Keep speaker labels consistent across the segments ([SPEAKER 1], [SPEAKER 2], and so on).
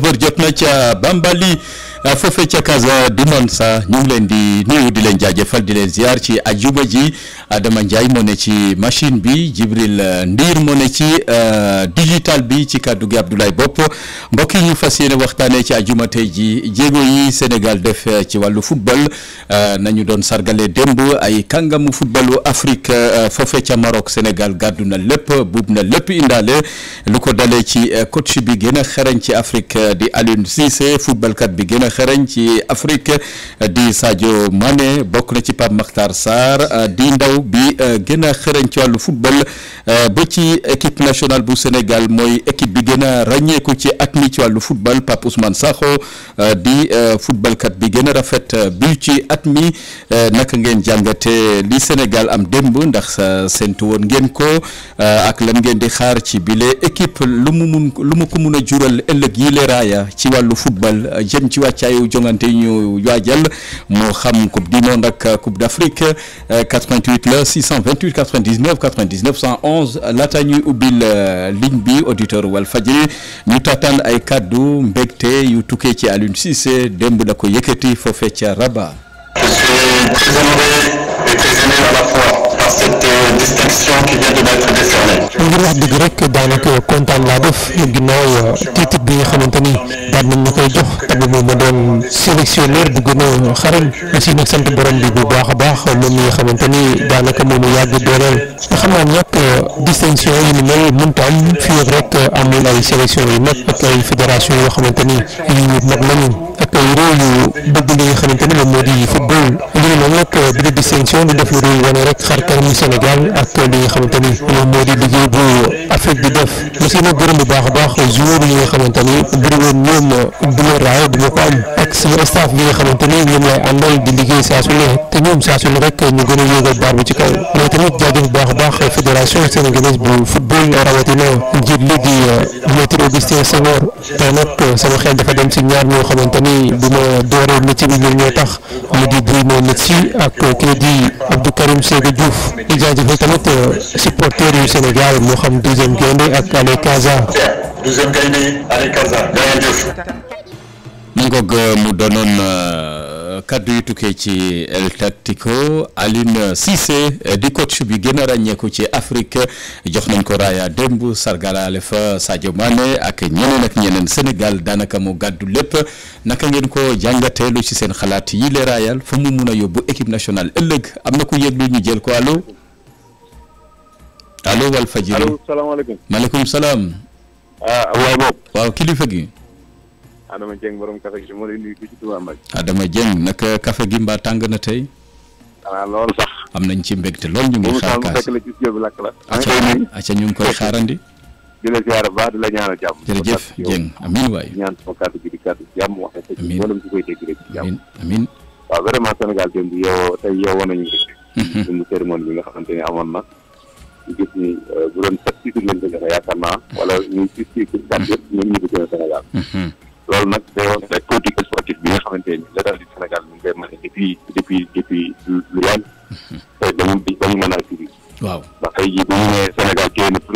[SPEAKER 1] 19h jot na ca Bambali Euh, foofee ca Casa Dinonsa ñu ngi leen di nuyu di leen jaajëfal di leen ziar ci ajuma ji Adama Ndiaye moo ne ci machine bi Jibril Ndiir moo ne ci euh, digital bi ci kàddu gi Abdoulaye Bopp mbokk yi ñu fas yéene waxtaanee ci ajuma tey ji jéego yi Sénégal def euh, ci wàllu football nañu doon sargale demb ay kàngamu footballu Afrique foofee ca Maroc Sénégal gàddu na lépp buub na lépp indaale lu ko dalee ci coach bi gën a xarañ ci Afrique di Aliou Cissé footballkat bi gën xereñ ci Afrique di Sadio Mané bokk na ci Pape Makhtar Sarr di ndaw bi eh, gën a xereñ ci wàllu football eh, ba ci équipe national bu Sénégal mooy équipe bi gën a ràññeeku ci at mi ci wàllu football Pape Ousmane Sakho eh, di footballkat bi gën a rafet bi ci at mi naka ngeen jàngate li Sénégal am démb ndax seentu woon ngeen ko ak lan ngeen di xaar ci bile équipe lu mu mun lu mu ko mun a jural ëllëg yi leeraaya ci wàllu football jëm ci wàcc wàccaayu jongante yi ñu waajal moo xam coupe du monde ak coupe d' Afrique 88 la 628 99 99 111 laata ñuy ubbil euh, ligne bi auditeur Walfadjri ñu taataan ay kaddu mbégte yu tukkee ci Aliou Cissé démb la ko yëkkati foofee ca Rabat. Je
[SPEAKER 2] par cette euh, distinction qui ngir wax dëgg rek daanaka kontaan laa def ginnaaw euh, titre bi nga xamante ni ma koy jox tabu moom ma doon sélectionneur bu a sant borom bi bu baax a baax moom mi nga xamante ni daanaka moomu yàgg dooleel nga xam naa euh, distinction yi ni mel mënta am fii rek amul ay sélection yu mag ak ay fédération yoo xamante ni yu mag nañu ak réew yu bëgg li nga xamante ne moom moo di football lii moom nag bi la distinction di def lu dul wane rek xar kanamu Sénégal ak li nga ni moom moo di liggéey bu Afrique di def monsieur nag gërëm baax a baax joueur yi nga xamante ni buri woon ñoom ma raay du ma ko am ak sama staff bi nga xamante ni ñoom lay àndal di liggéey saa su ne te ñoom saa ne rek ñu gën a yéegal baar bu ci kaw mais tamit jaajëf bu baax a baax fédération sénégalaise bu football rawatina ni bu ma dooree métier bi ñoom tax mu di Guy Maï Sy ak kii di Abdou Karim Séga Diouf di jaajëfal tamit euh, supporteurs yu Sénégal moo xam deuxième gaynde ak Allez Casa. deuxième
[SPEAKER 3] gaynde Allez Casa.
[SPEAKER 1] mu euh, doon. Euh, kaddu yu tukkee ci El Tactico Alioune Cissé eh, di coach bi gën a ràññeeku ci Afrique jox nañ ko raaya démb sargalaale fa Sadio Mané ak ñeneen ak ñeneen senegal daanaka mu gàddu lépp naka ngeen ko jàngatee ci seen xalaat yi le raayal fa mu mun a yóbbu équipe nationale ëllëg am na ku yëglu ñu jël ko allo allo Walfadjri allo salaamaaleykum maaleykum salaam. Ah, waaw kilifa gi. Adama Dieng borom kafe gi moo lay nuyu naka kafe gi mbaa tàng na tey. xanaa lool sax. am nañ ci mbégte lool ñu ngi. xaar kaas bu mu la ñu ngi koy xaarandi. di la ziar baax di la ñaanal ñaan sama kàddu gi di kàddu jàmm wax na ci mboolem koy dégg rek ci jàmm. amiin waaw vraiment Sénégal démb yow tey yow woon nañu rek. suñu mhm. cérémonie ni amoon na. ñu gis ni euh, bu doon yaakaar naa. wala ñu ñu ko gën a loolu nag day wax rek politique sportive bi nga xamante ni l'état du Sénégal mu ngi koy mane depuis mhm.
[SPEAKER 3] a subi waaw ndax tey jii nekk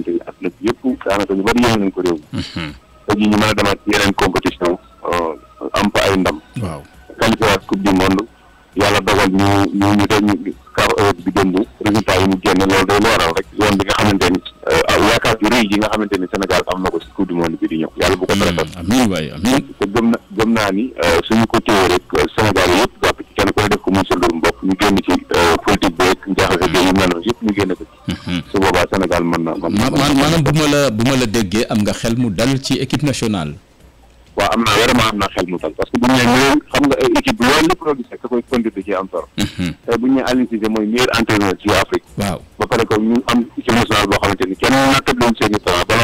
[SPEAKER 3] ni athlète yëpp daanaka ñu bëri yéen nañ ko réew mi mhm. tey jii a demaat yeneen compétition euh, am fa ay ndam waaw qualifié waat coupe du monde yàlla dogal ñu ñu ñu def ñu amiin waay amiin te gëm na gëm naa ni euh, suñu ko téye rek euh, Sénégal yëpp jàpp ci kenn koy def ko muy sa mbirum bopp ñu génn ci euh, politique beeg njaaxase beeg yu mel noonu yëpp ñu génn ci mhm. su boobaa Sénégal mën na mën na
[SPEAKER 1] maanaam bu ma la bu la déggee am nga xel mu dal ci équipe nationale waaw am naa vraiment am naa xel mu dal parce que bu ñu nee xam nga équipe loolu lépp loo gis koy conduire da am solo. Mhm. bu ñu nee Aliou Cissé mooy meilleur entraîneur ci Afrique.
[SPEAKER 3] waaw ba pare ko ñu am équipe nationale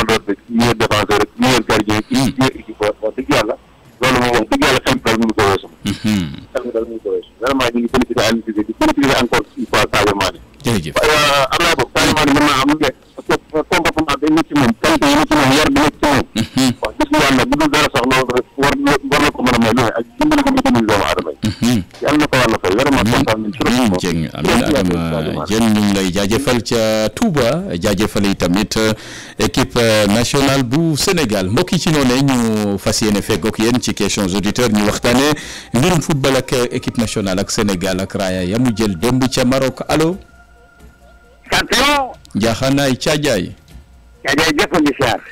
[SPEAKER 1] amiin Dieng amiin Adama Dieng ñu lay jaajëfal ca Touba jaajëfal yi tamit euh, équipe euh, nationale bu Sénégal mbokk yi ci noonu ñu fas yéene feggoog yéen ci questions auditeurs ñu waxtaanee mbirum football ak euh, équipe nationale ak Sénégal ak raaya ya mu jël démb ca Maroc allo.
[SPEAKER 3] champion.
[SPEAKER 1] Ndiakhanaay Thiadiaye.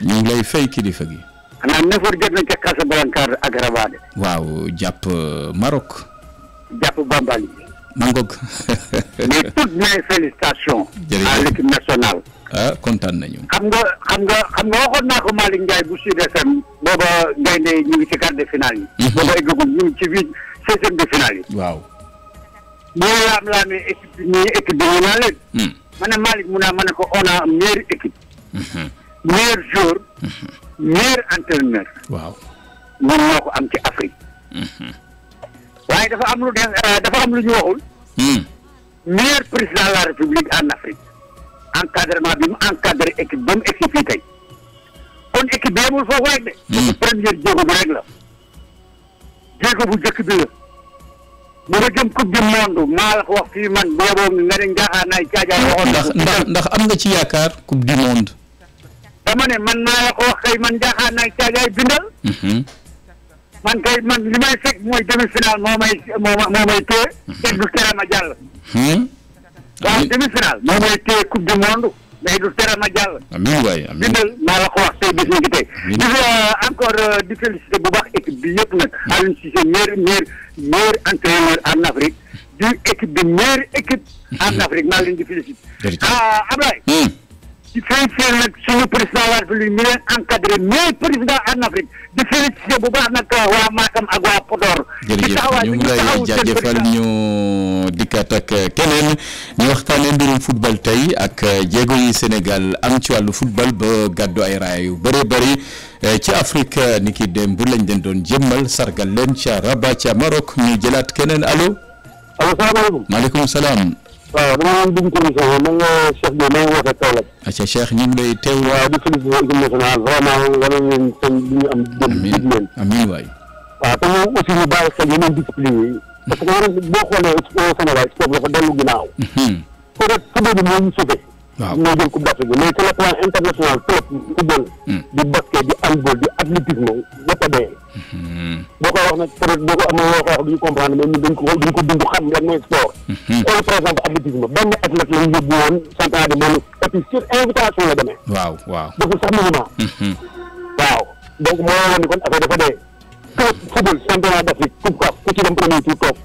[SPEAKER 1] ñu lay fay kilifa gi. xanaa neefar jot na ca Casablanca ak Rabat. waaw jàpp marok jàpp Bambali. mu ngoog. mais toutes mes félicitations.
[SPEAKER 3] à l'équipe nationale.
[SPEAKER 1] Ah, kontaan nañu.
[SPEAKER 3] xam nga xam nga xam nga waxoon naa ko Malick bu Sud FM. booba gaynde ñu ngi ci quart de finale yi. Mhm. booba eggagum ñu ngi ci huit seizième de finale yi. waaw. boo laam-laamee équipe bi nii équipe bi ñu mu naa hmm. ma ne ko on a meilleure équipe. Mhm. meilleur joueur. Mhm. meilleur entraîneur. waaw. moom moo ko am ci Afrique. waaye dafa am lu de euh, dafa am lu ñu waxul. Hmm. meilleur président de la république en Afrique encadrement bi mu encadré équipe ba mu egsi fii tey kon équipe bi yemul foofu rek de. Hmm. parce première jéego bu rek la. jéego bu njëkk bi la. bu nga jëm coupe du monde maa la ko wax fii man boobu moom nga ne njaaxaan naay caajaay waxoon.
[SPEAKER 1] ndax ndax am nga ci yaakaar coupe du monde.
[SPEAKER 3] dama ne man maa la wax kay man njaaxaan naay caajaay bindal. Hmm. man kay man li may fekk mooy demi-finale moo may moo ma moo may téye. kenn hmm. du tere ma jàll. Hmm? waaw hmm? demi-finale moo may téye coupe du monde. mais du tere ma jàll.
[SPEAKER 1] amiin waay amiin
[SPEAKER 3] bindal maa la ko wax tey bis ñu ngi tey. di encore euh, di féliciter bu baax équipe bi yëpp nag. Aliou Cissé meilleur meilleur meilleur entraîneur en Afrique. du équipe bi meilleure équipe. en Afrique maa ngi leen di féliciter. ah Ablaye. di félicité nag suñu président de la mi leen encadré mais président en Afrique di félicité bu baax nag euh, waa Matam ak waa Podor. jërëjëf ñu ngi lay jaajëfal
[SPEAKER 1] ñu dikkaat ak euh, keneen ñu waxtaanee mbirum football tey ak euh, jéego yi Sénégal am ci wàllu football ba gàddu ay raaya yu bëree bëri ci Afrique ni ki bu lañ leen doon jëmmal sargal leen ca Rabat ca ñu jëlaat keneen alo allo salaamaaleykum. salaam. waaw dama naan dugg ci émission bi man la Cheikh Gueye maa ngi wootee Kaolack. atia Cheikh ñu ngi lay teewlu. waaw di félicité équipe nationale vraiment wane ngeen seen li boo xoolee
[SPEAKER 3] au Sénégal sport dafa dellu ginnaaw. Mhm. peut être football bi moo ñu waaw ñooy jël coupe d'Afrique bi mais sur le plan international club football hmm. di basket di handball di athlétisme yëpp a dee hmm. boo koy wax nag peut être boo ko amee loo ko wax duñu comprendre ko duñ xam lan mooy sport xool par exemple athlétisme benn athlète lañ yóbbu woon championnat du monde et puis sur invitation la demee waaw waaw dafa sax mouvement hmm. waaw donc moo la ni kon affaire dafa dee club football championnat d'Afrique coupe CAF ku ci dem premier toog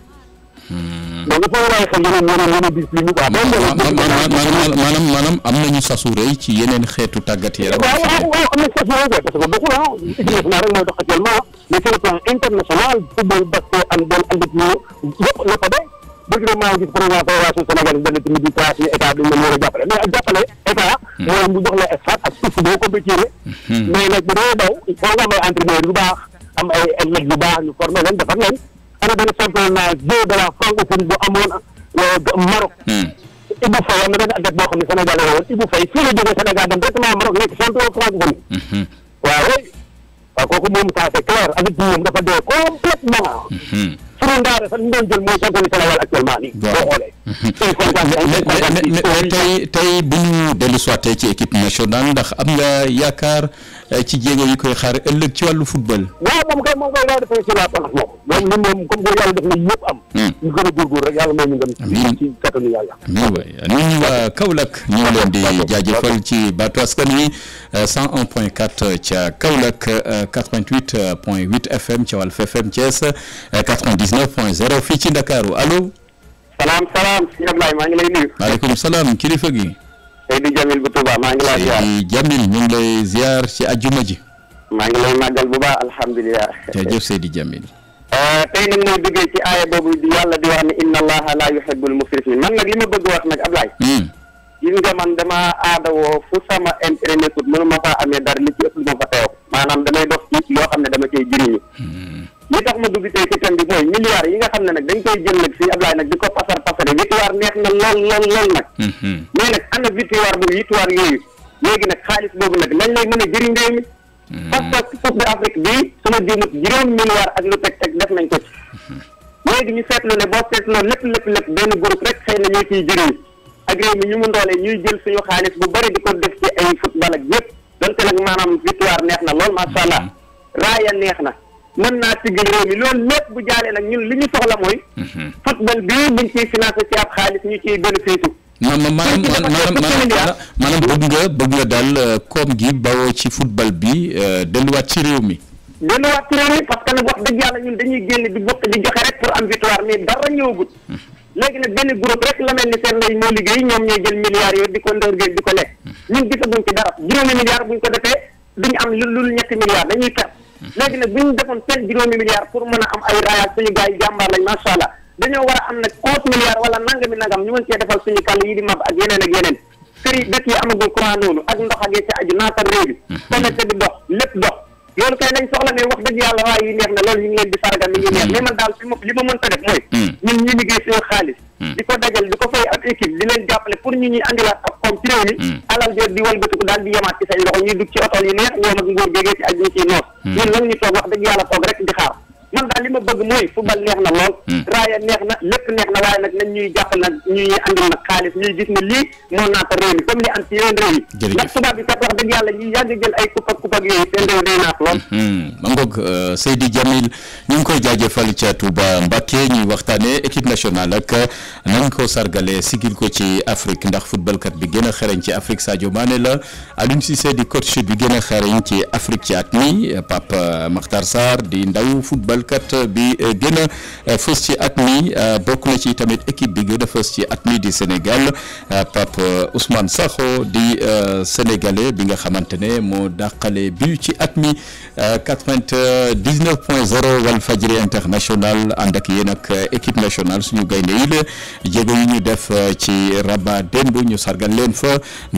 [SPEAKER 3] mais il faut bàyyi xel yeneen yeneen yeneen discipline quoi. maanaam
[SPEAKER 1] maanaam am nañu sasu ci yeneen xeetu tàggat yaram. waaw
[SPEAKER 3] waaw waaw am nañu sasu rëy quoi parce que bokkul ah. équipe nationale rek mooy dox actuellement mais sur le plan international football basket handball athlétisme yëpp na ko de bëgg na maa ngi a jàppale mais mooy mu jox la espace ak suuf boo compétir. mais nag bu doon daw foo nga may entraîneur bu baax am ay ay leg yu baax ñu formé leen defar leen. ana benn championnat jeu de la francophonie bu amoon euh, a hmm. Ibou Faye am na benn athlète boo xam ne la woon Ibou Faye fii la jógee Sénégal dem directement Maroc nekk champion francophonie. Hmm. waaw waaw kooku moom ça c'est clair avec dafa dee complètement hmm. pour Ndaara sax ñu doon jël mooy Sénégal
[SPEAKER 1] mhm. tey bu ñu dellu soitee ci équipe nationale ndax am nga yaakaar eh, ci jéego yi koy xaar ëllëg ci wàllu football.
[SPEAKER 3] waaw moom kay moom kay daal dafay si yëpp am. Hmm. ñu ñu dem. amiin ci kattanu yàlla.
[SPEAKER 1] amiin waay ñun waa Kaolack ñu leen di jaajëfal ci baatu askan wi 101 eh, point 4 ca Kaolack 88 eh, FM ca Walf FM Thiès 99 point fii ci Ndakaaru allo. salaam salaam sëñ Ablaye maa ngi lay nuyu. maaleykum salaam kilifa gi. Seydou Jamil bu Touba maa ngi lay ziar Seydou Jamil ñu ngi lay ziar ci ji. maa ngi lay màggal bu baax alhamdulilah. jërëjëf di Jamil. Euh, tey nag mooy duggee ci aaya
[SPEAKER 3] boobu di yàlla di wax ne inna allaha la yuhibbul musrifin man nag li ma bëgg wax nag Ablaye. Hmm.
[SPEAKER 2] nga man damaa aadawoo fu sama intérêt nekkut mënu ma faa amee dara li ci ëpp ma fa teew
[SPEAKER 3] maanaam damay dox ci loo xam ne dama cay jëriñu. Hmm. li tax ma dugg tey ci thème mooy milliards yi nga xam ne nag dañ koy jël nag si Ablaye nag di ko pasar pasare victoire neex na lool lool lool nag mhm. mais nag ana victoire bu victoire yooyu léegi nag xaalis boobu nag lañ lay mën a jëriñ réew mi mhm. parce que coupe d'Afrique bi suma diimut juróom milliards ak lu teg teg def nañ ko ci mhm. léegi ñu lu ne boo seetloo lépp lépp lépp benn groupe rek xëy na ñoo ciy jëriñ ak réew mi ñu mu ndoolee ñuy jël suñu xaalis bu bari di ko def ci ay football ak yëpp donte maanaam victoire neex na lool macha allah raaya neex na mën naa sigg réew mi loolu lépp bu jaalee nag ñun li ñu soxla mooy. Mhm. football bii buñ ciy financé ci ab xaalis ñu ciy bénéfice.
[SPEAKER 1] maanaam ma maanaam maanaam bëgg nga bëgg nga daal euh, koom gi bawoo ci football bi euh, delluwaat ci réew mi.
[SPEAKER 3] delluwaat ci réew mi parce que nag wax dëgg yàlla ñun dañuy génn di di joxe rek pour am victoire mais dara ñëwagut. Mhm. léegi nag benn groupe rek la mel ni seen lay moo liggéey ñoom ñooy jël milliards yooyu di ko ndóor géej di ko lekk. Mhm. buñ ko defee duñ am lu lu ñetti milliards dañuy perte. léegi nag bu ñu defoon seen juróomi milliards pour mën a am ay raaya suñu gars yi jàmbaar lañ macha allah dañoo war a am nag onze milliards wala nangami nangam ñu mën cee defal suñu kàll yi di mab ak yeneen ak yeneen kër yi yi amagul courant noonu ak ndox ak yi ci aju naatal réew bi mhm. commerce bi dox lépp dox loolu kay lañ soxla mais wax dëgg yàlla waaye yi neex na loolu ñu leen di sargal ni ñu neex mhm. mais man daal li ma mën ta def mooy mhm. ñun ñu liggéey ab équipe di leen jàppale pour ñu ñuy andiwaat ab koom ci réew mi hmm. alal jooju di walbatiku daal di yemaat ci seen loxo ñuy dugg ci otool yi neex ñoom ak nguur jege ci ak ñu ciy noos hmm. ñun nag ñu toog wax dëgg yàlla toog rek di xaar man daal li ma bëgg mooy football neex na lool. Hmm. raaya neex na lépp neex na waaye nag nañ ñuy jàpp nag ñuy andil nag xaalis ñuy gis ne lii moo naata réew mi comme li am ci yeneen réew yi. jërëjëf
[SPEAKER 1] lool. Hmm. ma ngoog euh, Seydi Djamil ñu ngi koy jaajëfal ca Touba Mbacké ñuy waxtaanee équipe nationale ak nañ ko sargalee sigil ko ci Afrique ndax football kat bi gën a xereñ ci Afrique Sadio Mané la Aliou Cissé di coach bi gën a xereñ ci Afrique ci at mi Pape footballkat bi gën a eh, fës ci at mi eh, bokk na ci tamit équipe bi gën a fës ci at mi di Sénégal eh, Pape Ousmane Sakho di sénégalais bi nga xamante ne moo dàqale bi ci at mi 99 point 0 Walfadjri international ànd ak yéen ak équipe nationale suñu gaynde yi la jéego yi ñu def ci Rabat démb ñu sargal leen fa.